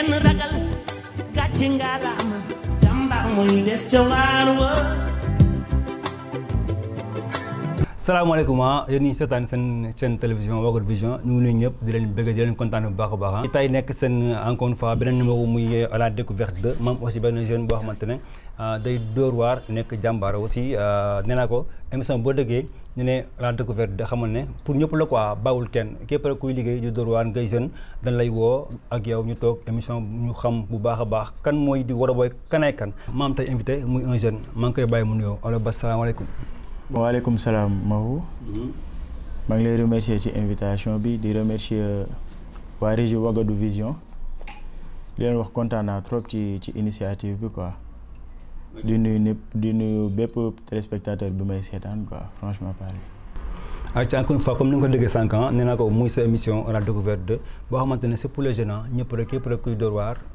kenn ragal gàcce ngalaama jàmbaar mooy des ca waar wa salaamaaleykum ah yéen ñi seetaan seen seen télévision Wagoot Vision ñu ngi nuyu ñëpp di leen bëgg di leen kontaan bu baax a baax ah. tey nekk seen encore une fois beneen numéro muy euh, à la découverte de moom aussi benn jeune boo xamante ne ah, day dóor waar nekk jàmbaar aussi euh, nee naa ko émission boo dëggee ñu la découverte de xamal ne pour ñëpp la ko bawul kenn képp rek kuy liggéey di dóor waar ngay jeune dana lay woo ak yow ñu toog émission ñu xam bu baax a baax kan mooy di war a booy kanay kan maam tey invité muy un jeune maa ngi koy bàyyi mu nuyoo alo ba salaamaaleykum waaleykum salaam Mahou mm-hmm. maa ngi lay remercier ci invitation bi di remercier euh, waa régie Wagadu Vision di leen wax kontaan naa trop ci initiative bi quoi di nuyu ñëpp di nuyu bépp téléspectateur bi may seetaan quoi franchement parler ayca encore une fois comme ni nga ko déggee sànq ah, nee naa ko muy sa émission la découverte de boo xamante ne c'est pour les jeunes ah, ñëpp rek képp rek kuy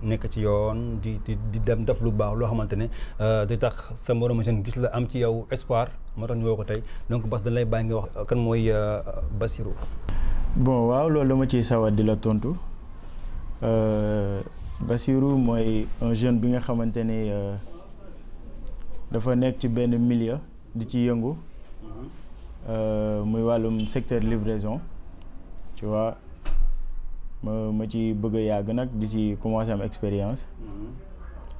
nekk ci yoon di di di dem def lu baax loo xamante ne euh, di tax sa moromu jeune gis la am ci yow espoir moo tax ñu woo ko tey donc Bass dañ lay bàyyi nga wax kan mooy euh, Bassirou. bon waaw loolu la ma ciy sawar di la tontu euh, Bassirou mooy un jeune bi nga xamante ne dafa nekk ci benn milieu di ci yëngu. Euh, muy wàllum secteur livraison ci waa ma ma ci bëgg yàgg nag di ci commencer am expérience mm-hmm.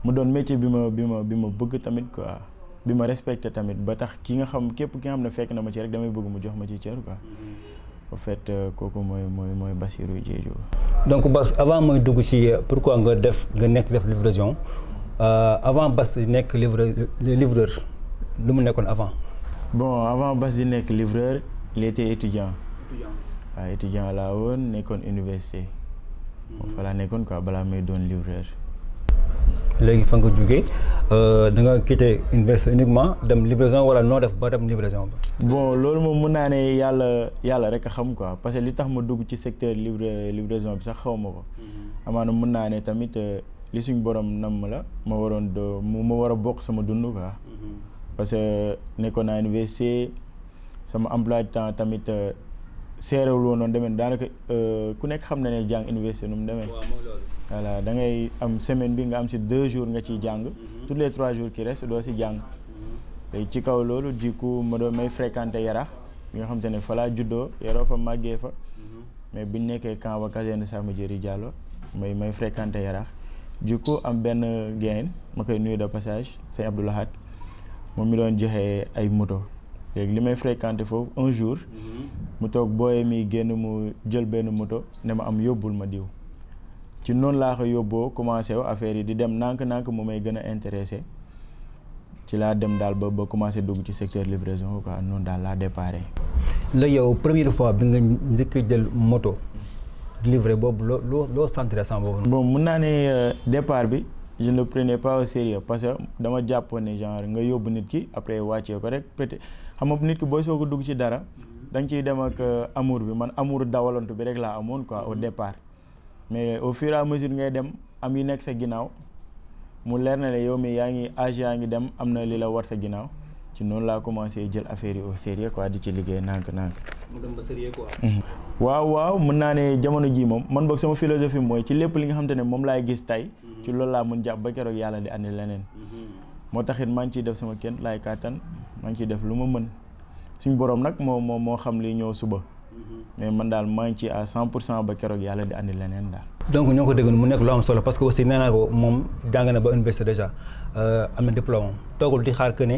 mu doon métier bi ma bi ma bi ma bëgg tamit quoi bi ma respecté tamit ba tax ki nga xam képp ki nga xam ne fekk na ma ci rek damay bëgg mu jox ma ci cër quoi en mm-hmm. fait euh, kooku mooy mooy mooy Bassirou Diédhiou donc Bass avant mooy dugg ci euh, pourquoi nga def nga nekk def livraison avant Bass nekk livre livreur lu mu nekkoon avant bon avant Bass di nekk livreur il était étudiant. étudiant waaw ah, étudiant laa woon nekkoon université. Hmm. fa laa nekkoon quoi balaa may doon livreur. léegi fa nga jógee euh, da nga quitté université uniquement dem livraison wala noo def ba dem livraison ba. bon loolu moom mun naa ne yàlla yàlla rek a xam quoi parce que li tax ma dugg ci secteur livre livraison bi sax xaw ma ko. Hmm. amaana mun naa ne tamit euh, li suñ borom nam la ma waroon do ma war a bokk sama dund quoi. Hmm. parce que nekkoon naa université sama emploi temps tamit euh, seerewul woon noonu demee daanaka euh, ku nekk xam na ne jàng université nu mu demee. voilà da ngay am semaine bi nga am si deux jours nga ciy jàng. Mhm. tous les trois jours qui restent doo si jàng. Mhm. ci kaw loolu du ma doon may fréquenté Yarax nga xam te ne falaa laa juddoo yaroo fa màggee fa. Mhm. mais biñ nekkee camp ba caserne Samba Diéry Diallo may may fréquenté Yarax du am benn euh, gain ma koy nuyu de passage sëñ Abdoulahad moom mi doon joxe ay moto léegi li may fréquenté foofu un jour mhm. mu toog booye mi génn mu jël benn moto ne ma am yóbbul ma diw ci noonu laa ko yóbboo commencé wu affaire yi di dem nànk-nànk mu may gën a intéressé ci laa dem daal ba ba commencé dugg ci secteur livraison quoi noonu daal laa déparé. la yow première fois bi nga njëkk a jël moto livré boobu loo loo loo sentir sama boobu. bon mun naa ne euh, départ bi je ne le prenais pas au sérieux parce que dama jàppoon ne genre nga yóbbu nit ki après wàccee ko rek peut-être xam nga nit ki booy soog a dugg ci dara da nga ciy dem ak euh, amour bi man amour dawalantu bi rek laa amoon quoi au mm-hmm. départ mais au fur et à mesure ngay dem am yi nekk sa ginnaaw mu leer na le yow mi yaa ngi âge yaa ngi dem am na li la war sa ginnaaw ci noonu laa commencé jël affaire yi au sérieux quoi di ci liggéey nànk nànk mu dem ba sérieux quoi. Mm-hmm. waaw waaw mën naa ne jamono ji moom man boog sama ci lépp li nga xamante ne moom laay gis ci loolu laa mun jàpp ba keroog yàlla di andi leneen mm-hmm. moo taxit maa ngi ciy def sama kenn laay kàttan maa ngi def lu ma mën suñ borom nag moo moo moo xam li ñëw suba mm-hmm. mais man daal maa ngi ci à cent pour cent ba keroog yàlla di andi leneen daal donc ñoo ko déggoon mu nekk lu am solo parce que aussi nee naa ko moom jàng na ba université déjà euh, am na diplôme toogul di xaar que ne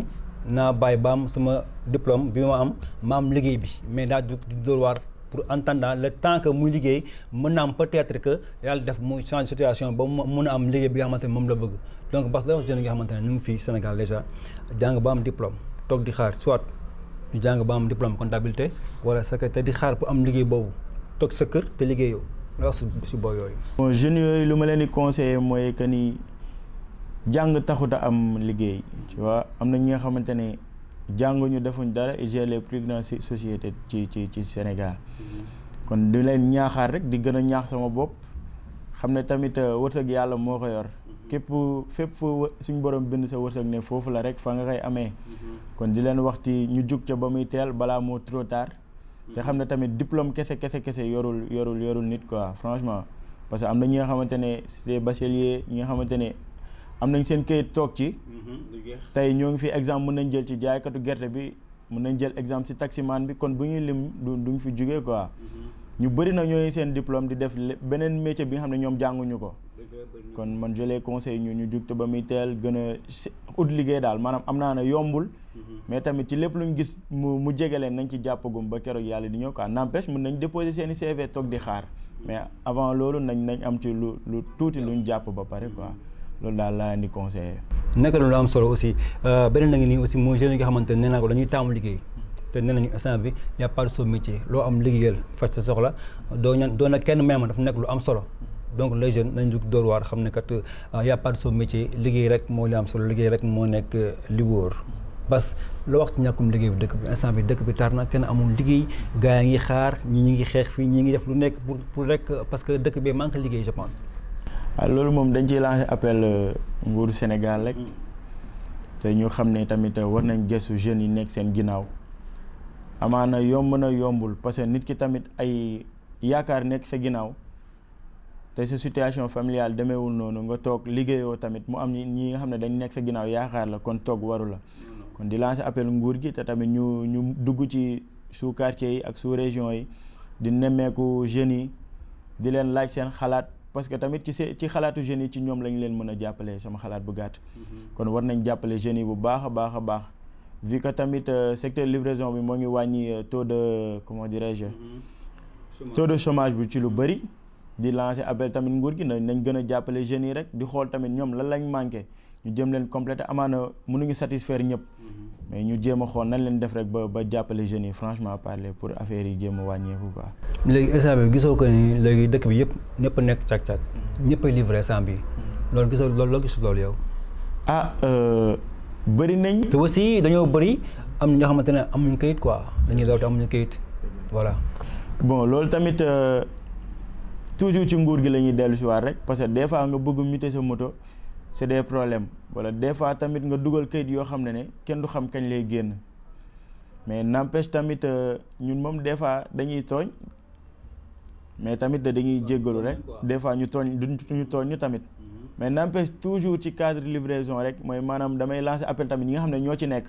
naa bàyyi baam sama diplôme bi ma am ma am liggéey bi mais daa du dóor waar pour en attendant le temps que muy liggéey mën na am peut-être que yàlla def muy change situation ba mu mën a am liggéey bi nga xamante moom la bëgg donc Bass wax jeunes yi nga xamante ne fii Sénégal déjà jàng ba am diplôme toog di xaar soit ñu jàng ba am diplôme comptabilité wala secrétaire di xaar pour am liggéey boobu toog sa kër te liggéeyoo la wax si boo yooyu. bon jeunes que ni jàng taxut a am liggéey tu am na ñi nga xamante ñu defuñ dara et j'ai les plus grandes sociétés ci ci ci Sénégal mm-hmm. kon di leen ñaaxaar rek di gën a ñaax sama bopp xam ne tamit euh, wërsëg yàlla moo ko yor mm-hmm. képp fépp suñ borom bind sa wërsëg ne foofu la rek fa nga koy amee mm-hmm. kon di leen waxti ñu jug ca ba muy teel balaa moo trop tard te xam ne tamit diplôme kese kese kese yorul yorul yorul nit quoi franchement parce que am na ñi nga xamante ne c'est des ñi nga xamante ne am nañ seen këyit toog ci. Mhm, tey ñoo ngi fi exemple mun nañ jël ci jaaykatu gerte bi mën nañ jël exemple si taximaan bi kon bu ñuy lim du duñ fi jugee quoi. Mhm. ñu bëri na ñooy seen diplôme di def beneen métier bi nga xam ne ñoom jànguñu ko. kon man jëlee conseil ñu ñu jug te ba muy teel gën a ut liggéey daal maanaam am naa ne yombul. Mhm. mais tamit ci lépp luñ gis mu mu jege leen nañ ci jàppagum ba keroog yàlla di ñëw quoi n'empêche mën nañ déposer seen i toog di xaar. mais avant loolu nañ nañ am ci lu lu tuuti luñ jàpp ba pare quoi. loolu daal laa leen di conseiller. nekk na lu aussi euh, beneen na ngi nii aussi mooy jeunes yi nga xamante ne nee naa ko dañuy taamu liggéey. te nee nañu instant bi y' a pas loo am liggéeyal faj sa soxla doo ñaan doo na kenn même dafa nekk lu am solo. donc les jeunes nañ jug door waar xam ne kat euh, y' a pas liggéey rek moo li am solo liggéey rek moo nekk euh, li wóor. parce que loo wax ci ñàkkum liggéey bi dëkk bi instant bi dëkk bi tar na kenn amul liggéey gars yi ngi xaar ñi ñi ngi xeex fii ñii ngi def lu nekk pour pour rek parce que dëkk bi manque liggéey je pense. waaw loolu moom dañ ciy lancer appel euh, nguuru Sénégal rek mm. te ñoo xam ne tamit euh, war nañ gëstu jeunes yi nekk seen ginnaaw amaana yomb na yombul parce que nit ki tamit ay yaakaar nekk sa ginnaaw te sa situation familiale demeewul noonu nga toog liggéeyoo tamit mu am ñi nga xam ne dañ nekk sa ginnaaw yaakaar la kon toog waru la mm. kon di lancer appel nguur gi te tamit ñu ñu dugg ci sous quartier yi ak sous région yi di nemmeeku jeunes yi di leen laaj seen xalaat. parce que tamit ci se ci xalaatu jeunes yi ci ñoom lañ leen mën a jàppale sama xalaat bu gàtt. Mm-hmm. kon war nañ jàppale jeunes bu baax a baax a baax. vu que tamit euh, secteur livraison bi moo ngi wàññi euh, taux de comment dirais-je. Mm-hmm. taux de chomage bi ci lu bëri. di lancé appel tamit nguur gi nañ gën a jàppale jeunes yi rek di xool tamit ñoom lan lañ manqué. ñu jëm leen complété amaana mënuñu satisfaire ñëpp mm-hmm. mais ñu jéem a xool nañ leen def rek ba ba jàppale jeunes yi franchement parler pour affaire yi jéem a wàññeeku quoi. léegi instant bi gisoo ko ni léegi dëkk bi yëpp ñëpp nekk càq-càq mm-hmm. ñëpp a livré bi mm-hmm. loolu gisoo loolu loo gis loolu yow. ah euh, bëri nañ. te aussi dañoo bëri am ñoo xamante ne amuñu kayit quoi dañuy daw te amuñu kayit voilà. bon loolu tamit euh, toujours ci nguur gi la ñuy dellu rek parce que des fois nga bëgg muter sa moto c'est des problèmes. wala des fois tamit nga dugal kayit yoo xam ne ne kenn du xam kañ lay génn mais n'empêche tamit euh, ñun moom des fois dañuy tooñ mais tamit dañuy jéggalu rek des fois ñu tooñ duñu tooñ ñu tamit mais n'empêche toujours ci cadre livraison rek mooy maanaam damay lancer appel tamit ñi nga xam ne ñoo ci nekk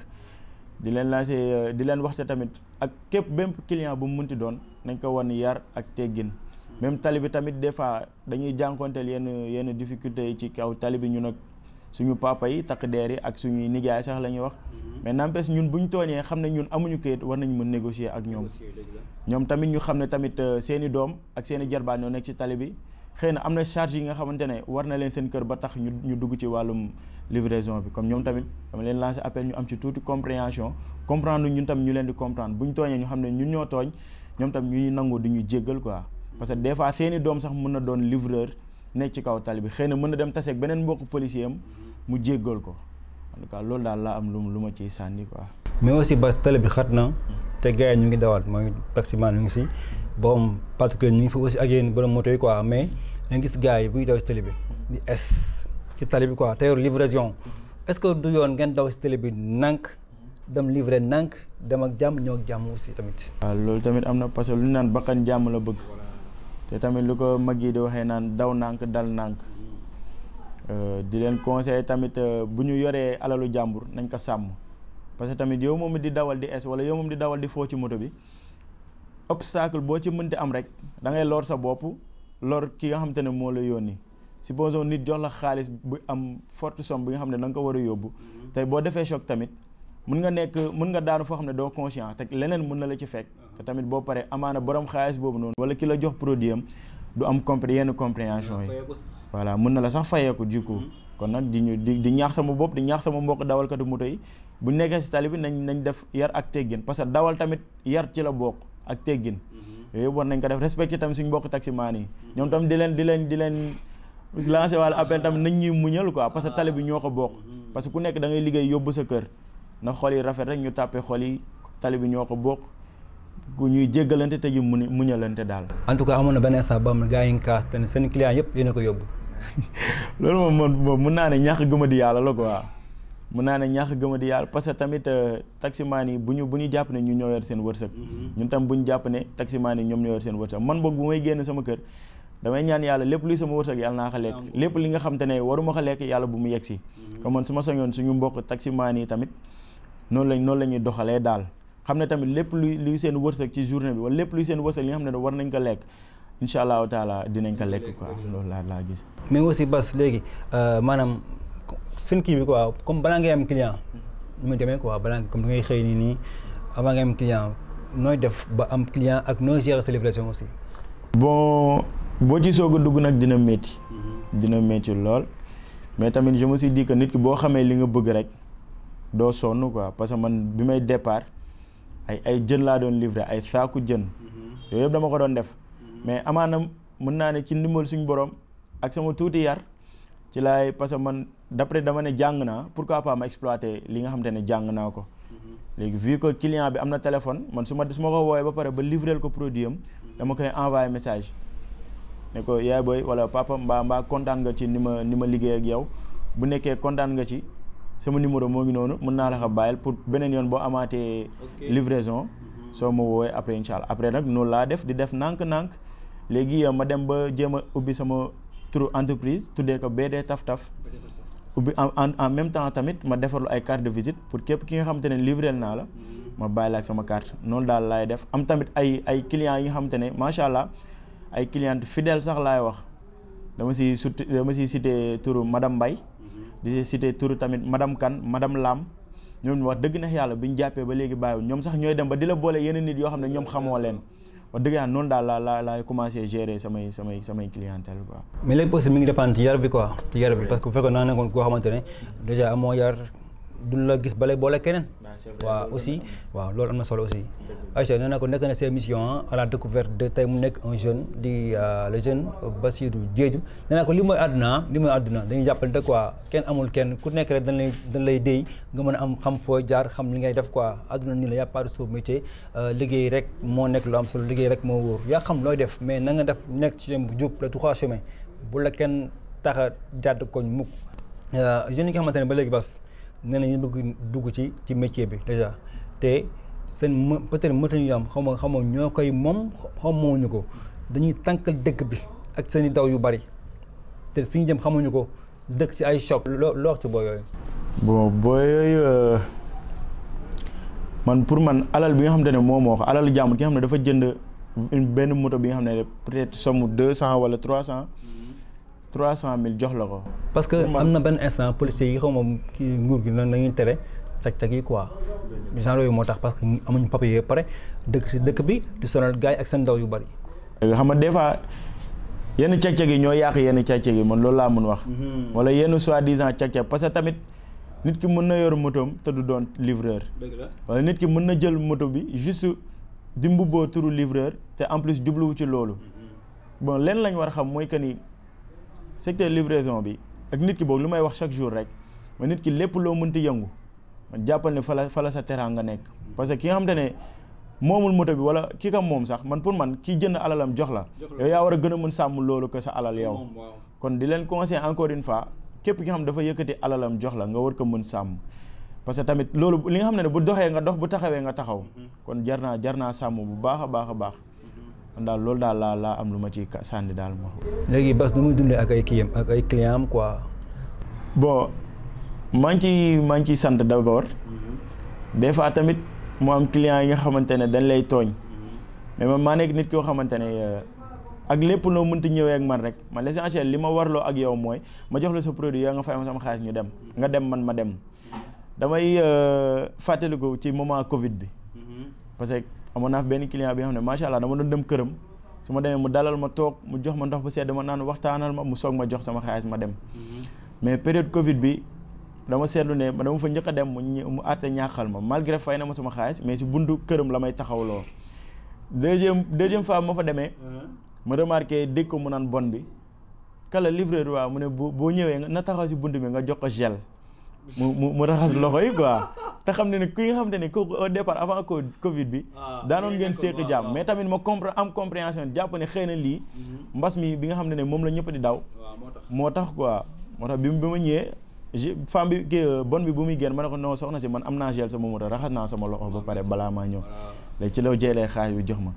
di leen lancer euh, di leen waxte tamit ak képp bépp client bu mu munti doon nañ ko wan yar ak teggin même tali bi tamit des fois dañuy jànkonteel yenn yenn difficultés yi ci kaw tali bi ñu nag suñu papa yi takk deer yi ak suñuy nijaay sax la ñuy wax mhm. mais n'empêche ñun bu ñu tooñee xam ne ñun amuñu kayit war nañ mën négocier ak ñoom ñoom tamit ñu xam ne tamit euh, seen i doom ak seen i jarbaan ñoo nekk ci tali bi xëy na am na charge yi nga xamante ne war na leen seen kër ba tax ñu ñu dugg ci wàllum livraison bi comme ñoom tamit dama leen lancer appel ñu am ci tuuti compréhension comprendre ñun tamit ñu leen di comprendre bu ñu tooñee ñu xam ne ñun ñoo tooñ ñoom tamit ñu ñuy nangoo di ñu jéggal quoi mhm. parce que des fois seen doom sax mun na doon livreur nekk ci kaw tali bi xëy na mën na dem taseeg beneen mbokku policier am mu jéggal ko loolu daal laa am lu lu ma ciy sànni quoi. mais aussi ba tali bi xat na te gars yi ñu ngi dawal mooy taximan ngi si borom particulier ñu ngi fi aussi ak yéen borom moto yi quoi nga gis gars buy daw si tali bi di es ci tali bi quoi te yor livraison est du yoon ngeen daw si tali bi nànk dem livrer nànk dem ak jàmm ñëw ak jàmm aussi tamit. waaw loolu tamit am na parce que lu ñu naan bakkan jàmm la bëgg. te tamit lu ko mag yi di waxee naan daw nànk dal nànk euh, di leen conseiller tamit euh, bu ñu yoree alalu jàmbur nañ ko sàmm parce que tamit yow moom di dawal di es wala yow moom di dawal di foo ci moto bi obstacle boo ci mënti am rek da ngay lor sa bopp lor ki nga xam ne moo la yónni supposons nit jox la xaalis bu am fort somme bi nga xam ne da ko war a yóbbu mm-hmm. tey boo defee choc tamit mën nga nekk mën nga daanu foo xam ne doo conscient te leneen mën na la ci fekk uh-huh. te tamit boo paree amaana borom xaalis boobu noonu wala ki la jox produit am du am compré yenn compréhension yi voilà mën na la sax fayeeku du coup uh-huh. kon nag di ñu di di ñaax sama bopp di ñaax sama mbokk dawalkatu moto yi bu nekkee si tali bi nañ nañ def yar ak teggin parce que dawal tamit yar ci la bokk ak teggin uh-huh. yooyu war nañ ko def respecté tamit suñu mbokk taximaan yi ñoom ta di leen di leen di leen lancé wàllu appel tamit nañ ñuy muñal quoi parce que bi ñoo bokk parce que ku nekk da ngay sa kër na xol yi rafet rek ñu tàppee xol yi tali bi ñoo ko bokk ku ñuy jéggalante te ñu muñalante daal. en tout cas amoon na benn instant ba mu gaa yi kaas te seen client yëpp yéen a ko yóbbu. loolu moom moom mun naa ne ñàkk gëma yàlla la quoi mun naa ne ñaax gëma di yàlla parce que tamit euh, taximaan yi bu ñu bu ñu jàpp ne ñu ñoo yor seen wërsëg. Mm-hmm. ñun tam bu ñu jàpp ne taximaan yi ñoom ñoo seen wërsëg man boog bu may génn sama kër damay ñaan yàlla lépp luy sama wërsëg yàlla naa ko lekk lépp li nga xam te ne waruma ko lekk yàlla bu mu yegg si. Mm-hmm. comme man su ma sañoon suñu mbokk taximaan yi tamit noonu lañ noonu la ñuy doxalee daal xam ne tamit lépp luy luy seen wërsëg ci journée bi wala lépp luy seen wërsëg li nga xam ne war nañ ko lekk incha allahu taala dinañ ko lekk quoi loolu laa laa gis. mais aussi Bass léegi euh, maanaam seen kii ko quoi comme balaa ngay am client. mu demee quoi balaa comme da ngay xëy nii nii avant ngay am nooy def ba am client ak nooy gérer sa livraison aussi. bon boo ci soog dugg nag dina métti. Mhm. dina métti lool mais tamit je me suis nit ki boo xamee li nga bëgg rek. doo sonn quoi parce que man bi may départ ay ay jën laa doon livré ay saaku jën mm-hmm. yooyu yëpp dama ko doon def mm-hmm. mais amaana mën naa ne ci ndimbal suñu borom ak sama tuuti yar ci laay parce que man d'après dama ne jàng naa pourquoi pas ma exploiter li nga xamante ne jàng naa ko mm-hmm. léegi vu ko client bi am na téléphone man su ma su ma ko woowee ba pare ba livreel ko produit am dama koy envoyer message ne ko yaay booy wala papa mbaa mbaa kontaan nga ci ni ma ni ma liggéey ak yow bu nekkee kontaan nga ci sama numéro moo ngi noonu mun naa la ko bàyyil pour beneen yoon boo amaatee livraison mhm. soo ma woowee après incha après nag noonu laa def di def nànk-nànk léegi euh, ma dem ba jéem a ubbi sama turu entreprise tuddee ko dee Taf Taf ubbi en en même temps tamit ma defarlu ay carte de visite pour képp ki nga xamante ne livreel naa la mhm. ma bàyyi ak sama carte noonu daal laay def am tamit ay ay clients yi nga xamante ne macha allah ay clientes fidel sax laay wax dama si surtout dama si cité turu madame di cité turu tamit madame Kane madame Lam ñoom wax dëgg neex yàlla bi ñu jàppee ba léegi bàyyiwul ñoom sax ñooy dem ba di la boole yeneen nit yoo xam ne ñoom xamoo leen wax dëgg yàlla noonu daal la la laay commencé gérer samay samay samay clientèle quoi. mais léegi aussi mi ngi dépendre ci yar bi quoi. ci yar bi parce que bu fekkoon naa nekkoon koo xamante ne déjà amoo yar. du la gis bale boole keneen. waaw aussi waaw loolu am na solo aussi. Aïcha nee na ko nekk na seen mission ah, à la découverte de tey mu nekk un jeune di euh, le jeune Bassirou Diédhiou nee naa ko li mooy àdduna ah, li mooy àdduna dañuy jàppalante quoi kenn amul kenn ku nekk rek dañ lay dañ lay déy nga mën a am xam foo jaar xam li ngay def quoi àdduna nii la y a pas euh, liggéey rek moo nekk lu am solo liggéey rek moo wóor yaa xam looy def mais nanga def nekk ci bu jub le trois chemin bu la kenn tax jàdd koñ mukk euh, jeune yi nga xamante ne ba léegi bas. nee nañu bëgg dugg ci ci métier bi déjà te seen më peut-être ñu yu am xaw ma ñoo koy moom xamuñu ko dañuy tànkal dëkk bi ak seen i daw yu bari te fi ñu jëm xamuñu ko dëkk ci ay choc loo loo wax ci booy yooyu. bon booy yooyu euh, man pour man alal bi nga xamante ne moom moo ko alal jàmm ki nga xam ne dafa jënd benn moto bi nga xam ne peut-être somme deux cent wala trois cent. Mm-hmm. trois cent mille jox la ko. parce que am na benn instant policiers yi xaw ma nguur gi nan nañuy tere cag-cag yi quoi genre yooyu moo tax parce que amuñu papier yi pare dëkk si dëkk bi di sonal gars ak seen ndaw yu bari. nga xam nga des fois yenn cag-cag yi ñoo yàq yenn cag-cag yi man loolu laa mun wax. Mhm. wala yenn soi-disant cag-cag parce que tamit nit ki mën na yor motoom te du doon livreur. wala nit ki mën na jël moto bi juste di mbubboo turu livreur te en plus jubluwu ci loolu. Mhm. bon leen lañ war a xam mooy que ni. secteur livraison bi ak nit ki boobu lu may wax chaque jour rek ma nit ki lépp loo mënti yëngu man jàppal ne fa la sa la nga nekk parce que ki nga xamante ne moomul moto bi wala ki kam moom sax man pour man ki jënd alalam jox la yow yaa war a gën a mën sàmm loolu ko sa alal yow kon di leen conseiller encore une fa képp ki xam dafa yëkkati alalam jox la nga war ko mën sàmm parce que tamit loolu li nga xam ne bu doxee nga dox bu taxawee nga taxaw mm-hmm. kon jar naa jar naa sàmm bu baax a baax a baax kon loolu daal laa laa am lu ma ci sànni daal ma. léegi Bass nu muy dundee ak ay client ak ay client am quoi. bo maa ngi ciy maa ngi ciy sant d'abord mm-hmm. des fois tamit moo am client yi nga xamante ne dañ lay tooñ mm-hmm. mais man nekk nit koo xamante ne. Euh, ak lépp noo mënti ñëwee ak man rek man l'essentiel li ma warloo ak yow mooy ma jox la sa produit yow nga fay ma sama xaalis ñu dem mm-hmm. nga dem man ma dem damay euh, fàttaliku ci moment Covid bi parce que amoon naa fi benn client bi nga xam ne macha allah dama doon dem këram su ma demee mu dalal ma toog mu jox ma ndox bu sedd ma naan waxtaanal ma mu soog ma jox sama xaalis ma dem. Mm-hmm. mais période Covid bi dama seetlu ne dama fa njëkk a dem mu mu àtte ñaaxal ma malgré fay na ma sama xaalis mais si buntu këram la may taxawloo. deuxième deuxième fois ma fa demee. Uh-huh. ma remarqué dégg ko mu naan bon bi. kala livreur waaw mu ne boo boo ñëwee na taxaw si bunt bi nga jox ko gel. mu mu mu raxas loxo yi quoi te xam ne ne ki nga xam ne kooku au départ avant que Covid bi. Ah, daanoon ngeen seeqi jàmm mais tamit ma compre am compréhension jàpp ne xëy na lii. Mhm. mbas mi bi nga xam ne ne moom la ñëpp di daw. moo tax quoi moo tax bi bi ma ñëwee. je femme bi euh, bi bu muy génn ma ne ko non soxna si man am naa gel sama moto raxas naa sama loxo ba ah, pare balaa maa ñëw léegi ci la jëlee xaalis bi jox ma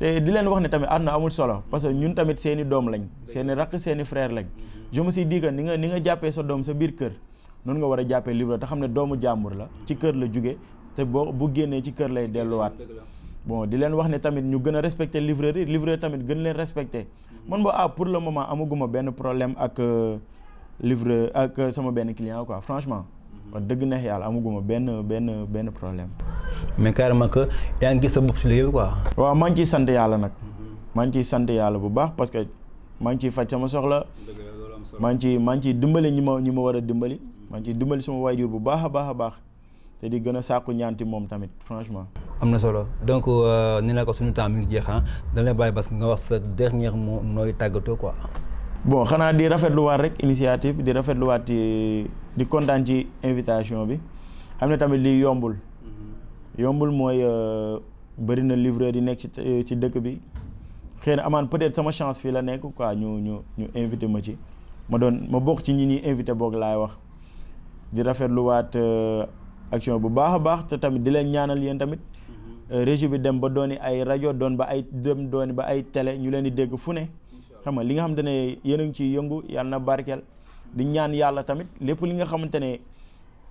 te di leen wax ne tamit na amul solo parce que ñun tamit seeni doom lañ seen i seen i frère lañ mhm. je nga ni nga jàppee sa doom sa biir kër noonu nga war a jàppee livre te xam ne doomu jàmbur la ci kër la jóge te boo bu génnee ci kër lay delluwaat bon di leen wax ne tamit ñu gën a respecté livreur yi livreur tamit gën leen respecté mm-hmm. man ba ah pour le moment amaguma benn problème ak euh, livre ak euh, sama benn client quoi franchement mm-hmm. dëgg neex yàlla amaguma benn benn benn problème mais carrément que yaa ngi gis sa bopp si liggéey bi quoi waaw maa ngi ciy sant yàlla nag mm-hmm. maa ngi ciy sant yàlla bu baax parce que maa ngi ciy faj sama soxla maa ngi ciy maa ciy dimbali ñi ma ñi ma war a dimbali man ci dimbali sama waajur bu baax a baax a baax te di gën a sàkku ñaanti moom tamit franchement. am na solo donc euh, ni la ko suñu temps ngi jeex ah dana lay bàyyi parce que nga wax sa ngeex moo nooy tàggatoo ko boo xanaa di rafetluwaat rek initiative di bi di rafetluwaat di kontaan ci invitation bi xam ne tamit lii yombul. Mm-hmm. yombul mooy euh, bëri na livreur yi nekk ci euh, ci dëkk bi xëy na amaan peut-être sama chance fii la nekk quoi ñu ñu ñu invité ma ci ma doon ma bokk ci ñi ñuy invité boog laay wax. di rafetluwaat euh, action bu baax a baax te tamit di leen ñaanal yéen tamit mm-hmm. euh, régie bi dem ba dooni ay rajo doon ba ay dem dooni ba ay tele ñu leen di dégg fu ne xam nga li nga xamante ne yéen a ngi ciy yëngu yàlla na barkeel di ñaan yàlla tamit lépp li nga xamante ne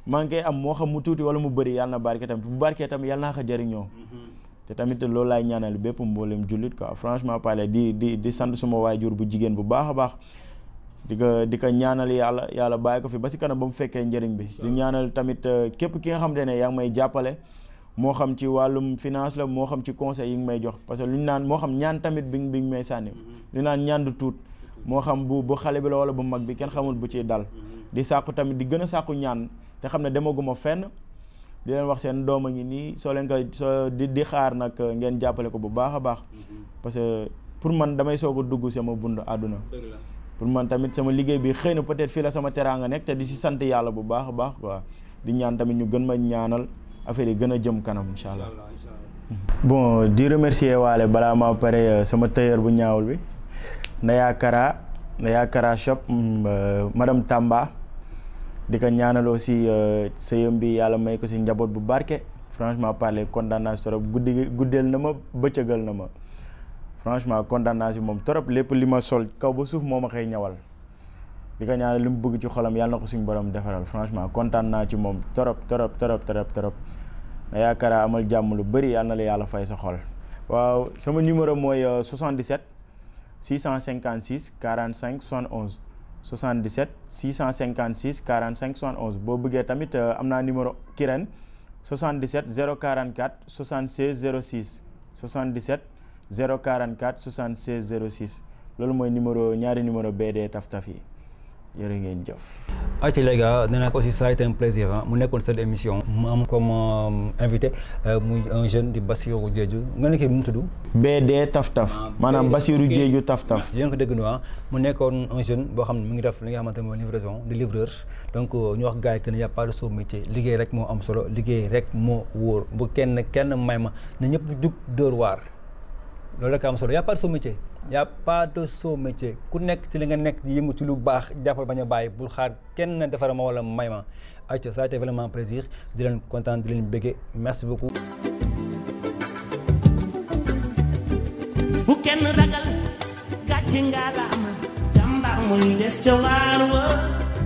manqué am moo xam mu tuuti wala mu bëri yàlla na barke tamit bu barkee tamit yàlla naa ko jariñoo mm-hmm. te tamit loolu laay ñaanal bépp mboolem jullit quoi franchement parler di di di sant suma waajur bu jigéen bu baax a baax di di ko ñaanal yàlla yàlla bàyyi ko fi ba si kanam ba mu fekkee njëriñ bi di ñaanal tamit euh, képp ki nga xamante ne yaa ngi may jàppale moo xam ci wàllum finance la moo xam ci conseil yi nga may jox parce que lu ñu naan moo xam ñaan tamit bi bi ngi may sànni lu ñu naan ñaan du tuut moo xam bu bu xale bi la wala bu mag bi kenn xamul bu ciy dal di sàkku tamit di gën a sàkku ñaan te xam ne demaguma fenn di leen wax seen doom a ngi nii soo leen ko soo di di xaar nag euh, ngeen jàppale ko bu baax a baax parce que pour man damay soog a dugg sama bund àdduna pour man tamit sama liggéey bi xëy na peut-être fii la sama teraanga nekk te di ci sant yàlla bu baax baax quoi di ñaan tamit ñu gën ma ñaanal affaire yi gën a jëm kanam incha allah. bon di remercier waale balaa ma pare euh, sama tailleur bu ñaawul bi Naya Kara Naya Kara shop mm, euh, madame tàmba di ko ñaanal aussi euh, sëyam bi yàlla may ko si njaboot bu barke franchement parler kontaan naa trop guddi guddeel na ma bëccëgal na ma. franchement kontaan naa si moom trop lépp li ma sol kaw ba suuf moo ma koy ñawal di ko ñaanal li mu bëgg ci xolam yàlla na ko suñu borom defaral franchement kontaan naa ci moom trop trop trop trop trop na yaakaara amal jàmm lu bëri yàlla na la yàlla fay sa xol. waaw sama numéro mooy 77 656 45 71 77 656 45 71 boo bëggee tamit euh, am naa numéro Kirène 77 044 76 06 77. 044 76 06 loolu mooy numéro ñaari numéro BD Taf Taf yi yërë ngeen jëf. ayca ci gars nee naa ko aussi ça a été un plaisir mu nekkoon cette émission. mu am comme euh, invité euh, mu un jeune di Bassirou Diédhiou nga ne kii mu tudd. BD Taf Taf. Ah, maanaam Bassirou Diédhiou Taf Taf. yéen ko dégg nu mu nekkoon un jeune boo xam ne mu ngi def li nga xamante ne mooy livraison di livreur donc euh, ñu wax gars yi que ne y' a pas liggéey rek moo am solo liggéey rek moo wóor bu kenn kenn may ma na ñëpp jug dóor waar. loolu rek am solo y' a pas de sot métier ku nekk ci li nga nekk di yëngu ci lu baax jàppal bañ a bàyyi bul xaar kenn defar ma wala may ma ayca ça a été vraiment di leen kontaan di leen bëggee merci beaucoup. bu kenn ragal gàcce nga la am jàmbaar muy des ca waar wa